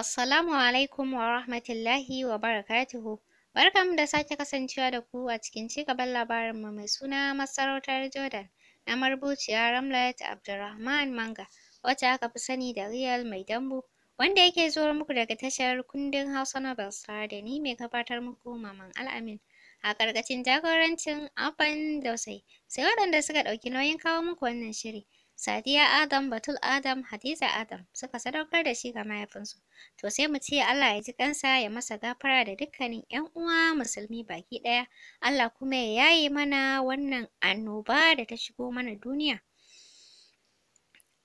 Assalamu alaikum wa rahmatullahi wa barakatuhu. Barkanmu da sake kasancewa da ku a cikin cigaban labarinmu mai suna Masarautar Jordan na marubuciya Ramlat Abdulrahman Manga, wacce aka fi sani da riyal Mai Dambu, wanda yake zuwa muku daga tashar kundin Hausa Nobel Star da ni mai gabatar muku Maman Al'amin. A ƙarƙashin jagorancin Afan Dausai, sai waɗanda suka ɗauki nauyin kawo muku wannan shiri. Sadiya Adam, Batul Adam, Hadiza Adam suka sadaukar da shi ga mahaifinsu. To sai mu ce Allah ya ji kansa ya masa gafara da dukkanin 'yan uwa musulmi baki ɗaya. Allah kuma ya yaye mana wannan annoba da ta shigo mana duniya.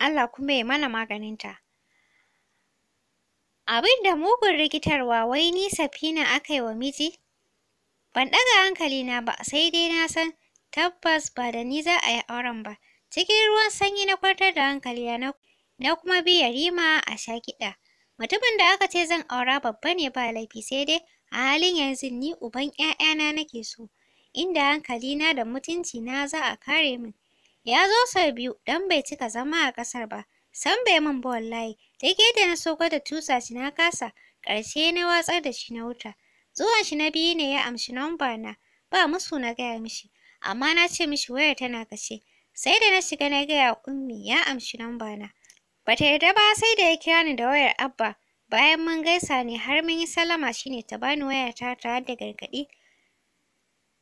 Allah kuma ya mana maganinta. Abin da mugun rikitarwa wai ni Safina aka yi wa miji? Ban ɗaga hankali na ba sai dai na san tabbas ba da ni za a yi auren ba. Cikin ruwan sanyi na kwantar da hankali na kuma bi Yarima a sha kiɗa. Mutumin da aka ce zan aura babba ne ba laifi sai dai a halin yanzu ni uban ‘ya'yana nake so, inda na da mutuncina za a kare min. Ya zo sau biyu Dan bai cika zama a ƙasar ba, san bai min ba wallahi, duk yadda na so gwada tusa shi na kasa, ƙarshe na watsar da shi na wuta. Zuwan shi na biyu ne ya amshi nomba na, ba musu na gaya mishi, amma na ce mishi wayar tana kashe. Sai da na shiga na gaya wa Ummi ya amshi lamba na. Bata yarda ba sai da ya kira ni da wayar Abba. Bayan mun gaisa ne har mun yi sallama shine ta bani wayata tare da gargaɗi.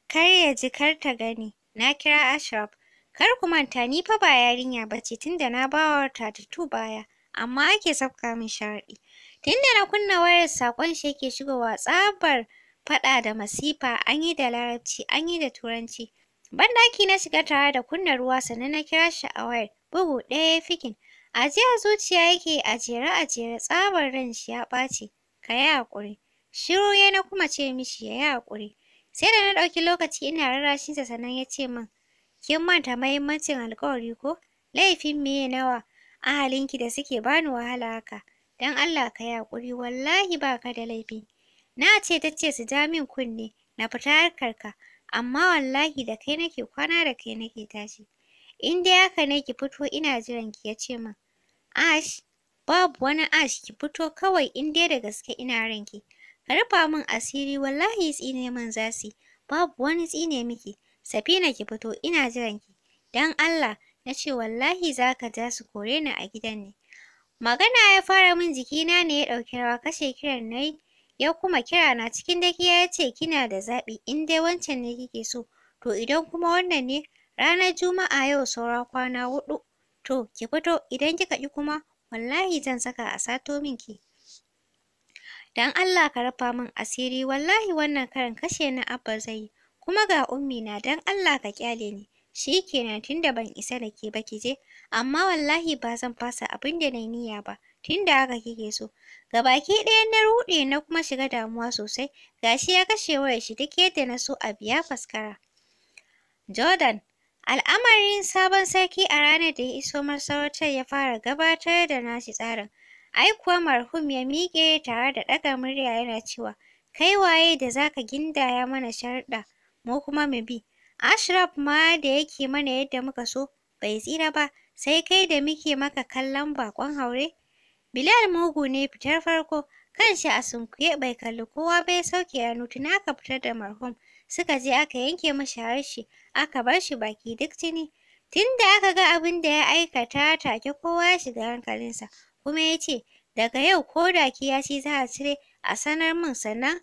Kar ya ji kar ta gani. Na kira Ashraf. Kar ku manta ni fa ba yarinya bace tunda na bawa tu baya. Amma ake safka min sharaɗi. Tunda na kunna wayar saƙon shi yake shigowa tsabar faɗa da masifa an yi da larabci an yi da turanci. Banɗaki na shiga tare da kunna ruwa sannan na kira shi a wayar. Bugu ɗaya ya fikin. Ajiya zuciya yake a jere a jere tsabar ran shi ya ɓaci. Ka yi haƙuri. Shiru ya na kuma ce mishi ya yi haƙuri. Sai da na ɗauki lokaci ina shi ta sannan ya ce min. Kin manta mahimmancin alƙawari ko? Laifin me nawa a halinki da suke bani wahala haka? Don Allah ka yi haƙuri wallahi ba ka da laifi. Na ce ta ce su ja min kunne na fita harkar ka. amma wallahi da kai nake kwana da kai nake tashi in dai haka ne ki fito ina jiran ki yace min ash babu wani ash ki fito kawai in dai da gaske ina ranki ka rufa min asiri wallahi tsine min zasi babu wani tsine miki safina ki fito ina jiran ki dan Allah nace wallahi zaka ja su kore ni a gidan ne magana ya fara min jikina ne ya ɗauki rawa kashe kiran nayi ya kuma kira na cikin dakiya ya ce kina da zaɓi in dai wancan ne kike so to idan kuma wannan ne ranar juma'a yau saura kwana huɗu to ki fito idan kika ƙi kuma wallahi zan saka a sato ki dan Allah ka rafa min asiri wallahi wannan karan kashe na abba zai yi kuma ga ummi na dan Allah ka kyale ni shikenan tunda ban isa da ke ba ki je amma wallahi ba zan fasa abin da nayi niyya ba da aka kike so ga baki ɗaya na ruɗe na kuma shiga damuwa sosai gashi ya kashe wayar shi duk yadda na so a biya faskara Jordan al'amarin sabon sarki a ranar da ya iso masarautar ya fara gabatar da nashi tsarin ai kuwa marhum ya miƙe tare da ɗaga murya yana cewa kai waye da zaka gindaya mana sharuɗa mu kuma mu bi Ashraf ma da yake mana yadda muka so bai tsira ba sai kai da muke maka kallon baƙon haure Bilal mugu ne fitar farko, kanshi a sunkuye bai kalli kowa bai sauke hannu tuni aka fitar da marhum. Suka je aka yanke mashi harshe, aka bar shi baki duk jini. Tun da aka ga abin da ya aikata take kowa ya shiga hankalinsa, kuma ya ce, daga yau ko da kiyashi za a cire a sanar min sannan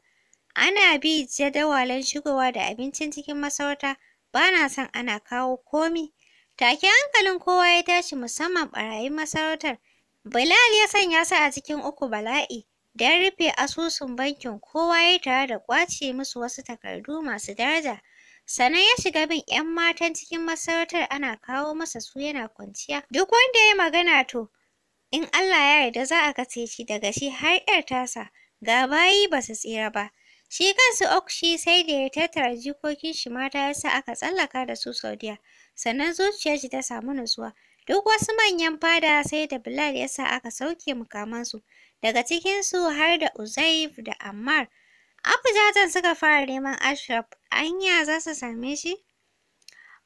ana bi jadawalin shigowa da abincin cikin masarauta, ba na son ana kawo komi. Take hankalin kowa ya tashi musamman ɓarayin masarautar. Bilal ya sanya su a cikin uku bala'i don rufe asusun bankin kowa ya tare da ƙwace musu wasu takardu masu daraja. Sannan ya shiga bin 'yan matan cikin masarautar ana kawo masa su yana kwanciya. Duk wanda ya yi magana to, in Allah ya yarda za a kashe shi daga shi har 'yar tasa, ga bayi ba su tsira ba. Shi kansu Okshi sai da ya tattara jikokin shi mata ya sa aka tsallaka da su Saudiya, sannan zuciyar shi ta samu nutsuwa. Duk wasu manyan fada sai da Bilal ya sa aka sauke mukamansu, daga cikinsu har da Uzaif da Ammar. Abujatan suka fara neman Ashraf, anya za su same shi?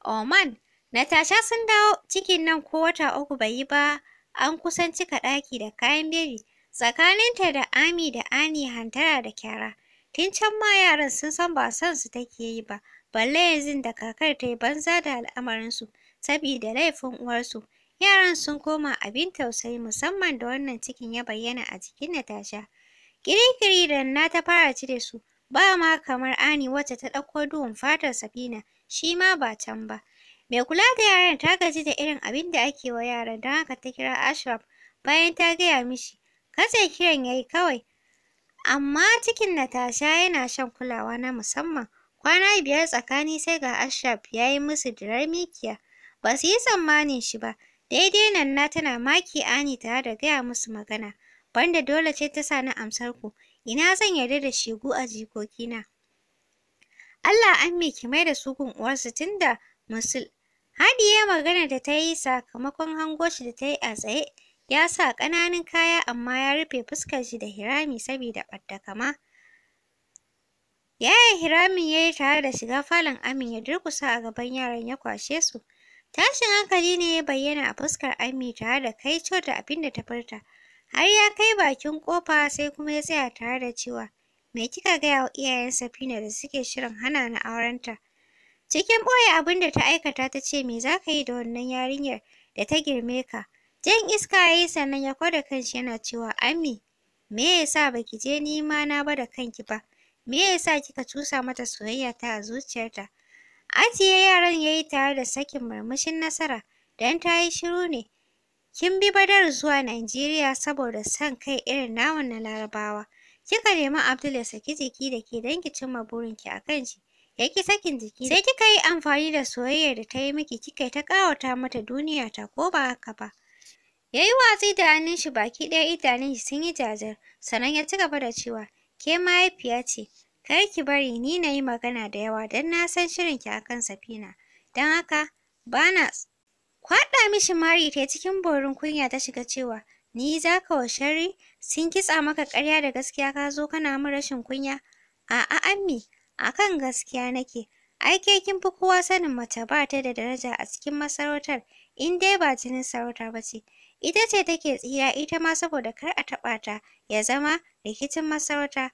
Oman, Natasha sun dawo cikin nan ko wata uku bai yi ba, an kusan cika ɗaki da kayan beri. Tsakaninta da Ami da Ani hantara da kyara. Tun can ma yaran sun san ba son su take yi ba, balle yanzu da kakar ta yi banza da al'amarinsu. sabida laifin uwarsu. Yaran sun koma abin tausayi musamman da wannan cikin ya bayyana a jikin Natasha. Kirikiri da na ta fara cire su, ba ma kamar Ani wacce ta ɗauko duhun fatar Safina, shi ma ba can ba. Mai kula da yaran ta gaji da irin abin da ake wa yaran don haka ta kira Ashraf bayan ta gaya mishi. Katse kiran yayi kawai. Amma cikin Natasha yana shan kulawa na musamman. Kwana biyar tsakani sai ga Ashraf ya yi musu dirar mikiya. Ba su yi tsammanin shi ba. Daidai na tana maki ani tare da gaya musu magana. Banda dole ce ta sa ni amsar ku. Ina zan yarda da shegu a jikokina? Allah an ki mai da su uwar uwarsu tunda musul. ya magana da ta yi sakamakon hango shi da ta yi a tsaye. Ya sa ƙananan kaya amma ya rufe fuskar shi da hirami saboda ɓadda kama. Yaya hiramin ya yi tare da shiga falon Amin ya durkusa a gaban yaran ya kwashe su. Tashin hankali ne ya bayyana a fuskar Ami tare da kai da abin da ta furta. Har ya kai bakin kofa sai kuma ya tsaya tare da cewa, me kika gaya wa iyayen Safina da suke shirin hana ni aurenta? Cikin ɓoye abin da ta aikata ta ce me za ka yi da wannan yarinyar da ta girme ka? Jan iska ya yi sannan ya kwada kanshi yana cewa Ami, me ya sa ba ki je nima na ba da kanki ba? Me ya sa kika cusa mata soyayyata a zuciyarta? Ajiye yaran ya yi tare da sakin murmushin nasara, don ta yi shiru ne. Kin bi Badar zuwa Najeriya saboda son kai irin namu na Larabawa. Kika nemi Abdul ya saki jiki da ke don ki cimma burinki a kan shi. Ya ki sakin jiki. Sai kika yi amfani da soyayyar da ta yi miki kika ta ƙawata mata duniya ta ko ba haka ba. Ya yi watsi da hannun shi baki ɗaya idanun shi sun yi jajar, sannan ya ci gaba da cewa, ke mahaifiya ce. Kar ki bari ni na yi magana da yawa don na san shirin ki akan Safina. Don haka ba na kwaɗa mishi mari ta cikin borin kunya ta shiga cewa ni za ka wa shari sun kitsa maka ƙarya da gaskiya ka zo kana mu rashin kunya. A'a ammi a kan gaskiya nake. Ai ke kin fi kowa sanin mace ba ta da daraja a cikin masarautar in dai ba jinin sarauta ba ce. Ita ce take tsira ita ma saboda kar a taɓa ta ya zama rikicin masarauta.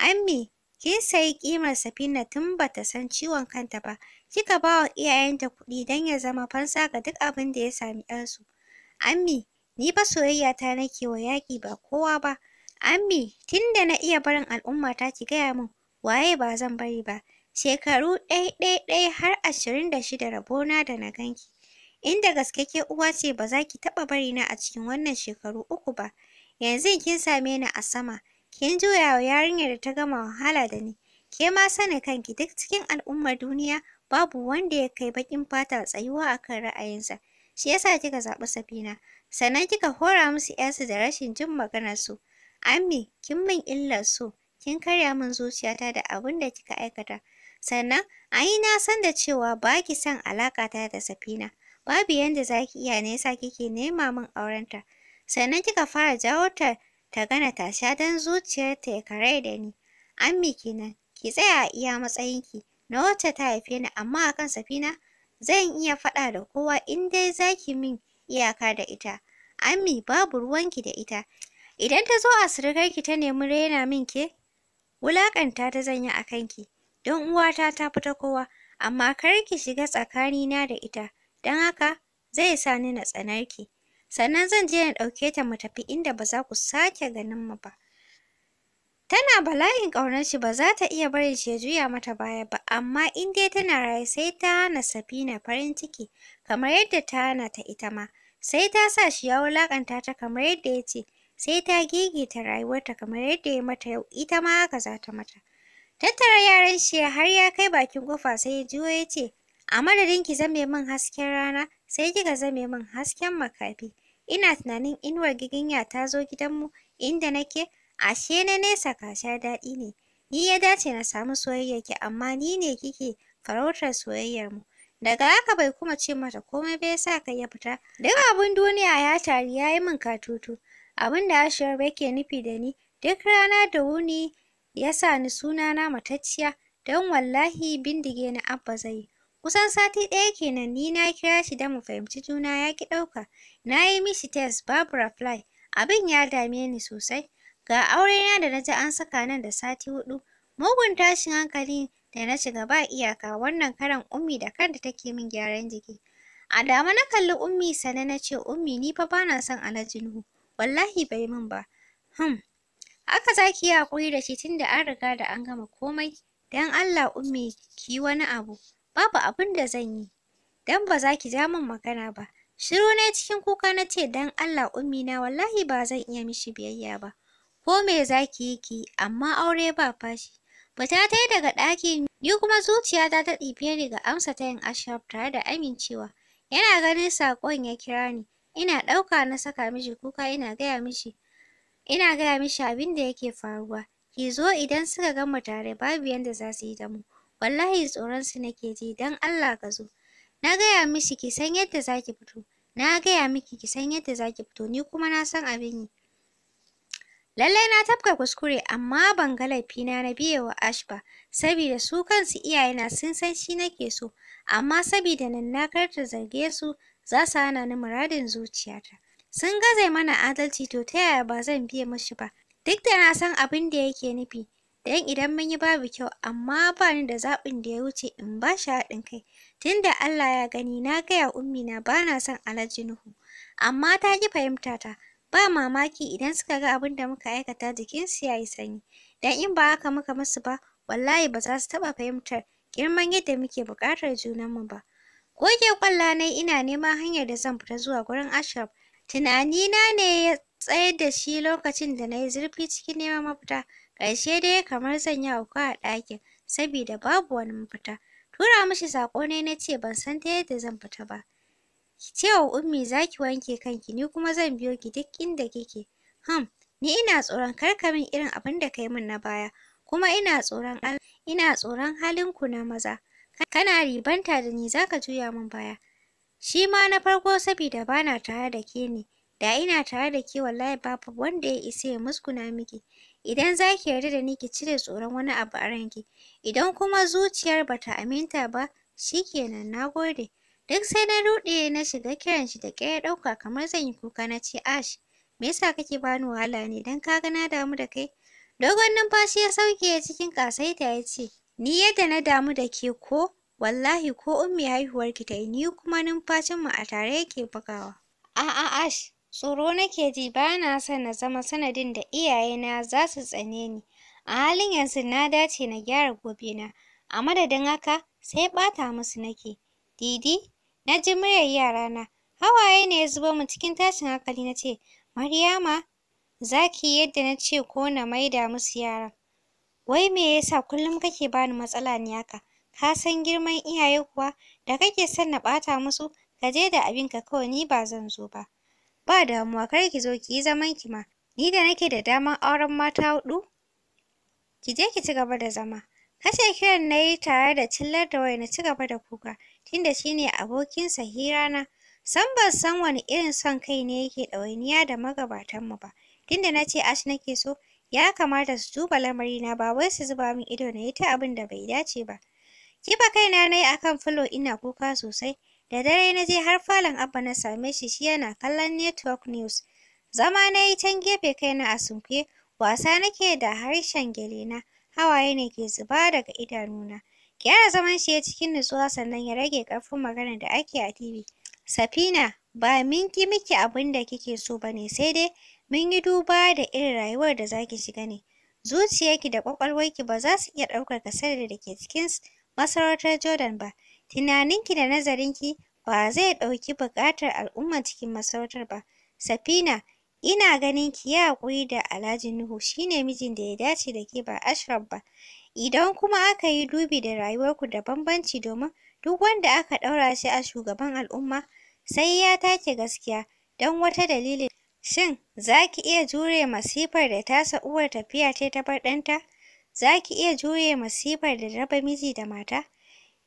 Ammi Kin sayi ƙimar Safina tun bata san ciwon kanta ba. Kika bawa iyayenta kuɗi don ya zama fansa ga duk abin da ya sami ɗansu. Ammi, ni ba soyayyata ta nake wa yaƙi ba kowa ba. Ammi, tunda na iya barin al'ummata ki gaya min waye ba zan bari ba. Shekaru ɗai-ɗai-ɗai har ashirin da shida rabona da na ganki. Inda gaske uwa ce ba za ki taɓa bari na a cikin wannan shekaru uku ba. Yanzu kin same ni a sama. Kin juya wa yarinyar da ta gama wahala da ni. Ke ma sani kanki duk cikin al'ummar duniya babu wanda ya kai bakin fata tsayuwa akan ra'ayinsa. Shi yasa kika zaɓi Safina. Sannan kika hora musu ƴarsu da rashin jin su. Ammi, kin min illar su Kin karya min zuciyata da abin da kika aikata. Sannan, ai na san da cewa ba ki son alaƙata da Safina. Babu yanda za ki iya nesa kike nema min aurenta. Sannan kika fara jawo ta ta gana ta sha don zuciyarta ya karai da ni. Ammi kenan, ki tsaya a iya matsayinki, na wacce ta haife ni amma a kan Safina zan iya faɗa da kowa in dai za ki min iyaka da ita. Ammi babu ruwanki da ita, idan ta zo a surukarki ta nemi raina min ke, wulaƙanta ta zan yi a kanki, don uwata ta fita kowa, amma kar ki shiga tsakanina da ita, don haka zai sa ni na tsanarki. sannan zan je na ɗauke ta mu tafi inda ba za ku sake ganin mu ba. Tana bala'in ƙaunar shi ba za ta iya barin shi ya juya mata baya ba, amma in dai tana raye sai ta hana Safina farin ciki, kamar yadda ta hana ta ita ma. Sai ta sa shi ya wulaƙanta ta kamar yadda ya ce, sai ta gigita rayuwarta kamar yadda ya mata yau, ita ma haka za ta mata. Tattara yaran shi har ya kai bakin ƙofa sai ya juyo ya ce, A madadin ki zame min hasken rana, sai kika zame min hasken makafi. Ina tunanin inuwar giginya ta zo gidanmu inda nake, ashe na nesa kasha daɗi ne. Ni ya dace na samu soyayyarki amma ni ne kike farautar soyayyarmu. Daga haka bai kuma ce mata komai bai sa kai ya fita. Duk abin duniya ya tari ya yi min katutu. Abin da ashiyar bai ke nufi da ni, duk rana da wuni ya sa ni sunana matacciya, don wallahi bindige na Abba zai yi. Kusan sati ɗaya kenan ni na kira shi don mu fahimci juna ya ki ɗauka. Na yi mishi test babu reply. Abin ya dame ni sosai. Ga aurena da na ji an saka nan da sati hudu, Mugun tashin hankali da na shiga ba iyaka wannan karan Ummi da kanta take min gyaran jiki. A dama na kalli Ummi Sane na ce Ummi ni fa bana son Alhaji Nuhu. Wallahi bai min ba. Hmm. Haka za ki yi haƙuri da shi tunda an riga da an gama komai. Don Allah Ummi ki wani abu. babu abin da zan yi dan ba za ki ja min magana ba shiru na cikin kuka na ce dan Allah ummi na wallahi ba zan iya mishi biyayya ba ko me za ki yi ki amma aure ba fashi Fita tai daga ɗakin, ni kuma zuciyata ta ɗibe ni ga amsa ta yin ashaf tare da amincewa. Yana ganin saƙon ya kira ni, ina ɗauka na saka mishi kuka ina gaya mishi ina gaya mishi abin da yake faruwa. Ki zo idan suka gama tare babu yanda za su yi da mu. wallahi tsoron su nake ji dan Allah ka zo. Na gaya mishi ki san yadda zaki fito, na gaya miki ki san yadda zaki fito, ni kuma na san abin yi. Lallai na tafka kuskure amma ban ga laifina na biye wa Ash ba, saboda su kansu iyaye na sun san shi nake so, amma saboda nan na karta zarge su za su hana ni muradin zuciyata. Sun gaza mana adalci to ta yaya ba zan biye mishi ba, duk da na san abin da yake nufi. Dan idan mun yi babu kyau amma bani da zaɓin da ya wuce in ba shi haɗin kai. Tunda Allah ya gani na gaya ummina na ba na son alaji Nuhu. Amma ta ƙi fahimta ta. Ba mamaki idan suka ga abin da muka aikata jikinsu ya yi sanyi. Dan in ba haka muka musu ba wallahi ba za su taɓa fahimtar girman yadda muke buƙatar mu ba. Goge ƙwalla na ina neman hanyar da zan fita zuwa gurin Ashraf. Tunanina ne ya tsayar da shi lokacin da nayi zurfi cikin neman mafita. Karshe dai kamar zan yi hauka a ɗakin sabida babu wani mafita. Tura mishi saƙo ne na ce ban san ta yadda zan fita ba. Ki ce wa Ummi za ki wanke kanki ni kuma zan biyo ki duk inda kike. Ham, ni ina tsoron kar ka min irin abin da ka yi min na baya, kuma ina tsoron al ina tsoron halinku na maza. Kana ribanta da ni za ka juya min baya. Shi ma na farko sabida ba na tare da ke ne, da ina tare da ke wallahi babu wanda ya isa ya musguna miki. Idan za ki yarda da ni ki cire tsoron wani abu a ranki, idan kuma zuciyar ba ta aminta ba, shi kenan na gode. Duk sai na ruɗe na shiga kiran shi da ƙyar ɗauka kamar zan yi kuka na ce Ash, me yasa kake bani wahala ne dan ka ga na damu da kai? Dogon numfashi ya sauke cikin ƙasaita ya ce, ni yadda na damu da ke ko wallahi ko ummi haihuwarki ta yi ni kuma numfashin mu a tare yake bugawa. A'a Ash, Tsoro nake ji ba na son na zama sanadin da iyayena za su tsane ni. A halin yanzu na dace na gyara gobena, a madadin haka sai ɓata musu nake. Didi, na ji muryar yarana, hawaye ne ya zuba mu cikin tashin hankali na ce, Maryama, za ki yi yadda na ce ko na maida musu yaran. Wai me yasa kullum kake ba ni matsala ne haka? Ka san girman iyaye kuwa da kake son na ɓata musu? Ka je da abinka kawai ni ba zan zo ba. ba damuwa kar ki zo ki yi zaman ki ma ni da nake da daman auren mata huɗu ki je ki ci gaba da zama kashe kiran na yi tare da cillar da waya na ci gaba da kuka tunda shine abokin abokinsa hira na san ban san wani irin son kai ne yake ɗawainiya da magabatan mu ba tunda na ce ash nake so ya kamata su duba na, ba wai su zuba min ido na yi ta abin da bai dace ba kifa kaina nayi akan filo ina kuka sosai Da dare na je har falon Abba na same shi shi yana kallon network news. Zama na yi can gefe kaina a sunkuye, wasa nake da harshen gelena, hawaye ne ke zuba daga idanuna. kyara zaman shi ya cikin nutsuwa sannan ya rage ƙarfin magana da ake a TV. Safina, ba minki ki miki abin da kike so ba ne, sai dai mun yi duba da irin rayuwar da za ki shiga ne. Zuciyarki da ƙwaƙwalwarki ba za su iya ɗaukar kasar da ke cikin masarautar Jordan ba. Tunaninki da nazarinki ba zai ɗauki buƙatar al'umma cikin masarautar ba. Safina, ina ganin ki yi haƙuri da Alhaji Nuhu shine mijin da ya dace da ke ba Ashraf ba. Idan kuma aka yi dubi da rayuwarku da bambanci domin duk wanda aka ɗaura shi a shugaban al'umma sai ya take gaskiya don wata dalilin. Shin za ki iya jure masifar da tasa uwar tafiya tai ta bar ɗanta? Za ki iya jure masifar da raba miji da mata?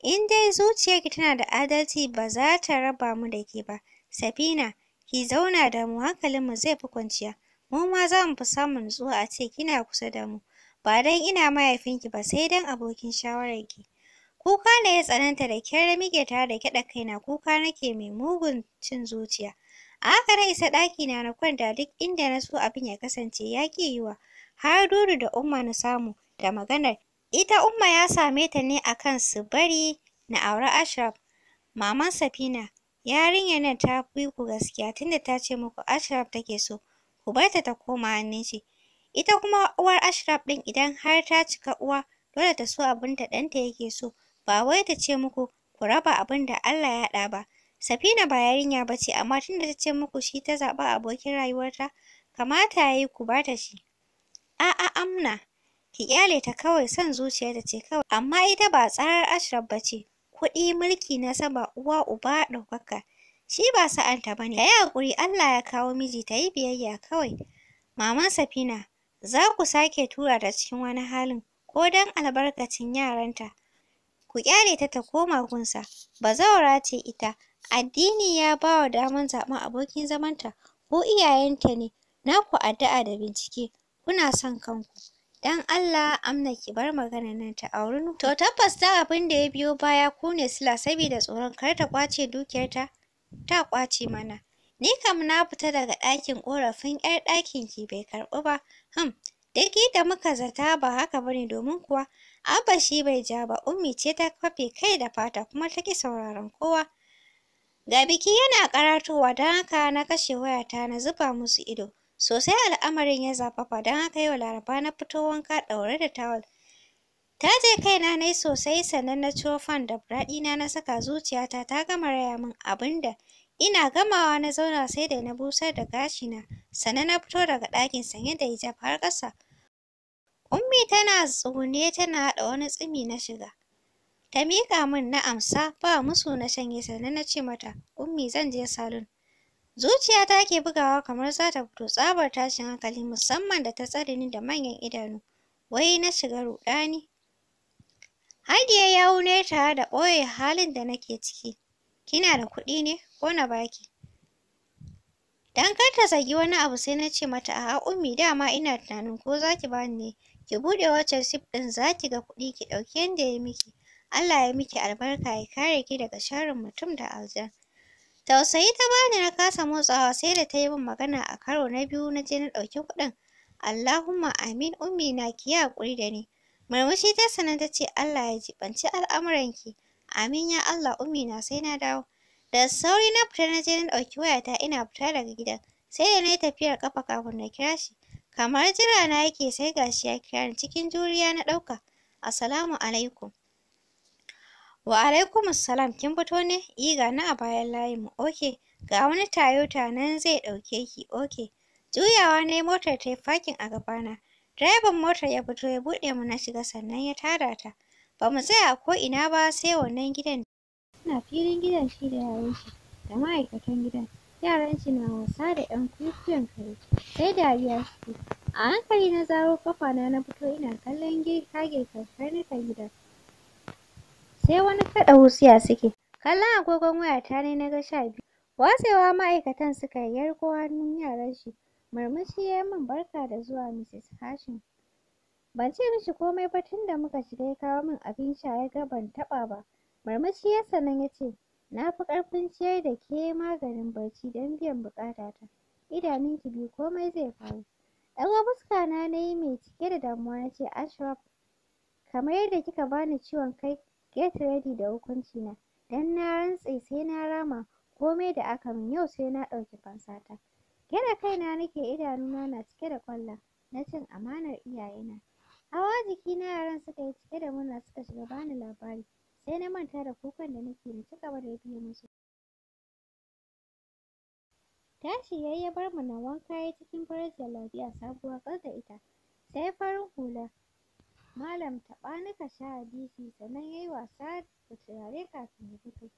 In dai zuciyarki tana da adalci ba za ta raba mu da ke ba. Safina, ki zauna da mu hankalinmu zai fi kwanciya. Mu ma za mu fi samun nutsuwa a ce kina kusa da mu. Ba don ina mahaifinki ba sai don abokin shawararki. Kuka ne ya tsananta da kyar muke tare da kyaɗa kaina kuka nake mai mugun cin zuciya. A haka na isa ɗakina na kwanta duk inda na so abin ya kasance ya ƙi yiwuwa. Har Dudu da Umma na samu da maganar Ita Umma ya same ta ne akan su bari na auri Ashraf. Maman Safina, yarinyar nan ta fi ku gaskiya tunda ta ce muku Ashraf take so, ku bar ta ta koma hannun shi. Ita kuma uwar Ashraf ɗin idan har ta cika uwa, dole ta so abin da ɗanta yake so, ba wai ta ce muku ku raba abin da Allah ya haɗa ba. Safina ba yarinya ba ce, amma tunda ta ce muku shi ta zaɓa abokin rayuwarta, kamata ya yi ku ba ta shi. A'a Amna. ki kyale ta kawai son zuciya zuciyarta ce kawai amma ita ba tsarar Ashraf ba ce kuɗi mulki na nasaba uwa uba ɗaukaka shi ba sa'anta ba ne ya yi haƙuri Allah ya kawo miji ta yi biyayya kawai maman Safina za ku sake tura ta cikin wani halin ko don albarkacin yaranta ku kyale ta ta koma gunsa bazawara ce ita addini ya ba wa daman zaɓen abokin zamanta ko iyayenta ne naku addu'a da bincike kuna son kanku Dan Allah Amna ki bar magana nan ta auri To tabbas ta abin da ya biyo baya ku ne Sila saboda tsoron kar ta kwace dukiyar Ta ta ƙwace mana. Ni kam na fita daga ɗakin korafin 'yar ɗakin ki bai karɓu ba. Hum, dake da muka zata ba haka bane domin kuwa Abba shi bai ja ba, Ummi ce ta kafe kai da fata kuma ta ƙi sauraron kowa. Ga biki yana karatowa don haka na kashe wayata na zuba musu ido. Sosai al'amarin ya zafafa don haka yau Laraba na fito wanka ɗaure da tawul. Ta je kaina na yi sosai sannan na ciro fan da buraɗina na saka zuciyata ta gama raya min abin da ina gamawa na zauna sai da na busar da gashina sannan na fito daga ɗakin sanye da hijab har ƙasa. Ummi tana tsugune tana haɗa wani tsimi na shiga. Ta miƙa min na amsa ba musu na shanye sannan na ce mata, Ummi zan je salon. Zuciyata ke bugawa kamar za ta fito tsabar tashin hankali musamman da ta tsare ni da manyan idanu. Wai na shiga ruɗani. Hadiya ya wune tare da ɓoye halin da nake ciki. Kina da kuɗi ne ko na baki? Dan kar ta zagi wani abu sai na ce mata a'a ummi dama ina tunanin ko za ki bani ne. Ki buɗe waccan sif ɗin za ki ga kuɗi ki ɗauki yanda ya miki. Allah ya miki albarka ya kare ki daga sharrin mutum da aljan. Tausayi ta bani na kasa motsawa sai da ta yi min magana a karo na biyu na je na ɗauki kuɗin. Allahumma amin ummi na ki yi haƙuri da ni. Murmushi ta sanar ta ce Allah ya jiɓanci al'amuranki. Amin ya Allah ummi na sai na dawo. Da sauri na fita na je na ɗauki wayata ina fita daga gidan. Sai da na yi tafiyar kafa kafin na kira shi. Kamar jira na yake sai gashi ya kira ni cikin juriya na ɗauka. Assalamu alaikum. Wa alaikum salam kin fito ne? I ga ni a bayan layin mu. Okay, ga wani Toyota nan zai ɗauke ki. Okay. Juyawa ne motar ta yi fakin a na Direban motar ya fito ya buɗe mu na shiga sannan ya tada ta. Ba mu tsaya ko ina ba sai wannan gidan. Ina filin gidan shi da yaran shi da ma'aikatan gidan. Yaran shi na wasa da 'yan kwikwiyon kare. Sai dariya suke. A hankali na zaro kafa na fito ina kallon girka-girkan karnukan gidan. sai wani faɗa wusiya suke kallon agogon wayata ne na ga sha biyu watsewa ma'aikatan suka yi yarko hannun yaran shi murmushi ya yi min barka da zuwa Mrs. Hashim ban ce mishi komai ba tun da muka shiga ya kawo min abin sha ya ga ban taba ba Marmashi ya sannan ya ce na fi ƙarfin ciyar da ke maganin barci don biyan idanun idanunki biyu komai zai faru ɗago fuska na na yi mai cike da damuwa na ce Ashraf kamar yadda kika bani ciwon kai get ready da hukunci na dan na rantse sai na rama komai da aka min yau sai na ɗauki fansata gyaɗa kaina nake idanuna na cike da kwalla na cin amanar iyayena hawa jikina yaran suka yi cike da murna suka shiga bani labari sai na manta da kukan da nake na ci gaba da biyo musu tashi yayi ya bar mu na wanka ya cikin farar jallabiya sabuwa kar da ita sai farin hula Malam taɓa sha hadisi sannan ya yi wasa da turare kafin ya fito.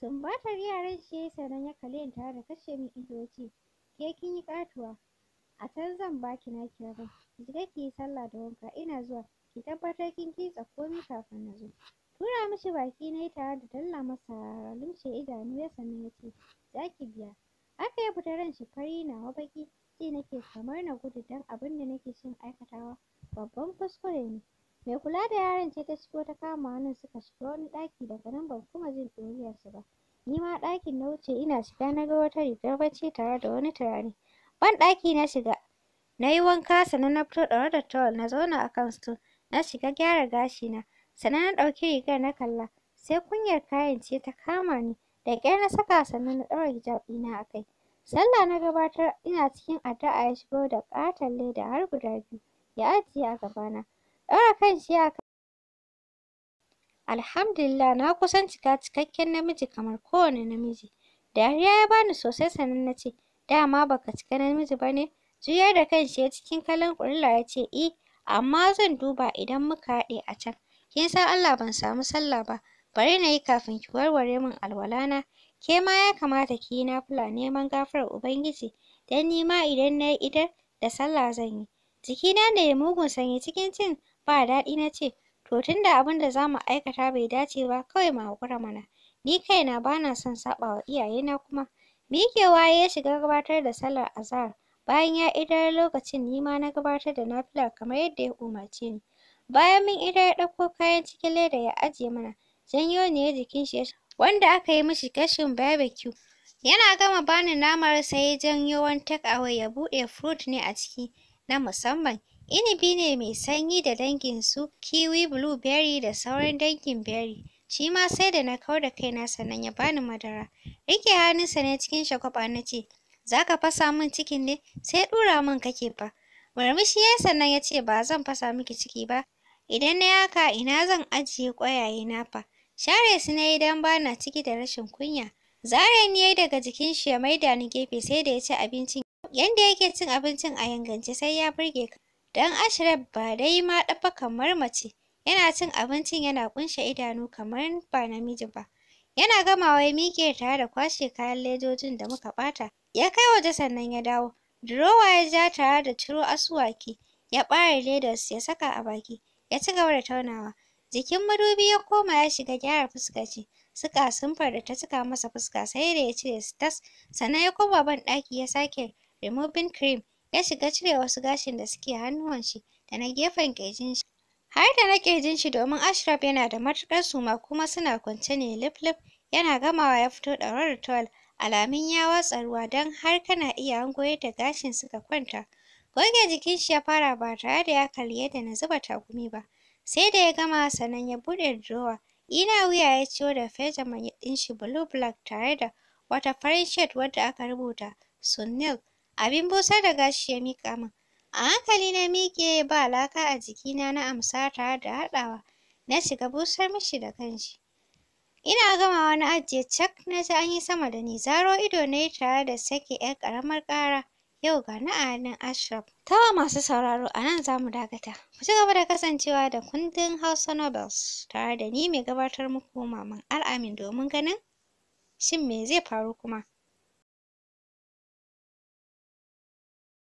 Sumbatar yaran shi ya yi sannan ya kalle ni tare da kashe min ido yace ke kin yi ƙatuwa a can zan ba ki naki ki shiga ki yi sallah da wanka ina zuwa ki tabbatar kin kitsa komai kafin na zo. Tura mishi baki na yi tare da dalla masa lumshe idanu ya sannan ya za ki biya. Haka ya fita ran shi fari nawa baƙi ji nake kamar na gudu don abin da nake son aikatawa babban kuskure ne mai kula da yaran ce ta shigo ta kama hannun suka shiga wani ɗaki daga nan ban kuma jin ɗuriyarsu ba ni ma ɗakin na wuce ina shiga na ga wata rigar bacci tare da wani turare ban ɗaki na shiga na yi wanka sannan na fito ɗaure da towel na zauna a kan stool na shiga gyara gashina sannan na ɗauki rigar na kalla sai kunyar kayan ce ta kama ni da ƙyar na saka sannan na ɗaura hijab ɗina a kai sallah na gabatar ina cikin addu'a ya shigo da ƙaton leda har guda biyu ya ajiye a gabana. shi a ya Alhamdulillah na kusan cika cikakken namiji kamar kowane namiji. Dariya ya bani sosai sannan na ce, dama baka cika namiji ba ne? Juyar da kan shi ya cikin kalan ƙurilla ya ce, i, e, amma zan duba idan muka haɗe a can. Kin san Allah ban samu sallah ba, bari na yi kafin ki warware min alwalana. Ke ma ya kamata ki yi nafila neman gafarar Ubangiji, don ni ma idan na yi idar da sallah zan yi. Jikina da ya mugun sanyi cikin cin ba daɗi na ce, to tun da abin da za mu aikata bai dace ba kawai mu haƙura mana. Ni kaina ba na son saɓawa iyayena kuma. Miƙewa ya shiga gabatar da sallar azahar. Bayan ya idar lokacin ni ma na gabatar da nafila kamar yadda ya umarce ni. Bayan mun idar ya ɗauko kayan cikin leda ya ajiye mana. Janyo ne jikin shi ya wanda aka yi mishi gashin barbecue. Yana gama bani namar sai ya janyo wani take ya buɗe fruit ne a ciki. na musamman. Inibi ne mai sanyi da dangin su kiwi, blueberry da sauran dangin berry. Shi ma sai da na kawo da kaina sannan ya bani madara. Rike hannunsa ne cikin shakwaba na ce, za ka fasa min cikin ne? Sai ɗura min kake fa. Murmushi ya sannan ya ce ba zan fasa miki ciki ba. Idan na yaka ina zan ajiye ƙwayaye na fa. Share su ne idan ba na ciki da rashin kunya. Zare ni yayi daga jikin shi ya maida ni gefe sai da ya ci abincin. Yanda yake cin abincin a yangance sai ya burge ka. Don Ashraf ba dai ma dafa kamar mace, yana cin abincin yana kunshe idanu kamar ba namiji ba. Yana gamawa ya mike tare da kwashe kayan ledojin da muka ɓata, ya kai waje sannan ya dawo. Durowa ya ja tare da ciro asuwaki, ya bare ledas ya saka a baki, ya ci gaba da taunawa. Jikin madubi ya koma ya shiga gyara fuskar shi. Suka sumfar da ta cika masa fuska sai da ya cire su tas, sannan ya koma banɗaki ya sake removing cream ya shiga cire wasu gashin da suke hannuwan shi da na gefen ƙirjin shi har da na ƙirjin shi domin Ashraf yana da matuƙar suma kuma suna kwance ne lif-lif yana gamawa ya fito ɗaure da towel alamin ya watsa ruwa don har kana iya hango yadda gashin suka kwanta goge jikin shi ya fara ba tare da ya kalli yadda na zuba takumi ba sai da ya gama sannan ya buɗe drawer ina wuya ya ciyo da pajamas din shi blue black tare da wata farin shirt wadda aka rubuta Sunil abin busar da gashi ya miƙa min. A hankali na miƙe ba laka a jikina na amsa tare da haɗawa na shiga busar mishi da kanshi. Ina gama wani ajiye cak na ji an yi sama da ni zaro ido na yi tare da sake ‘yar ƙaramar ƙara. Yau ga na a nan Ashraf. Tawa masu sauraro a nan za mu dakata. Ku ci gaba da kasancewa da kundin Hausa Nobels. tare da ni mai gabatar muku Maman Al'amin domin ganin shin me zai faru kuma.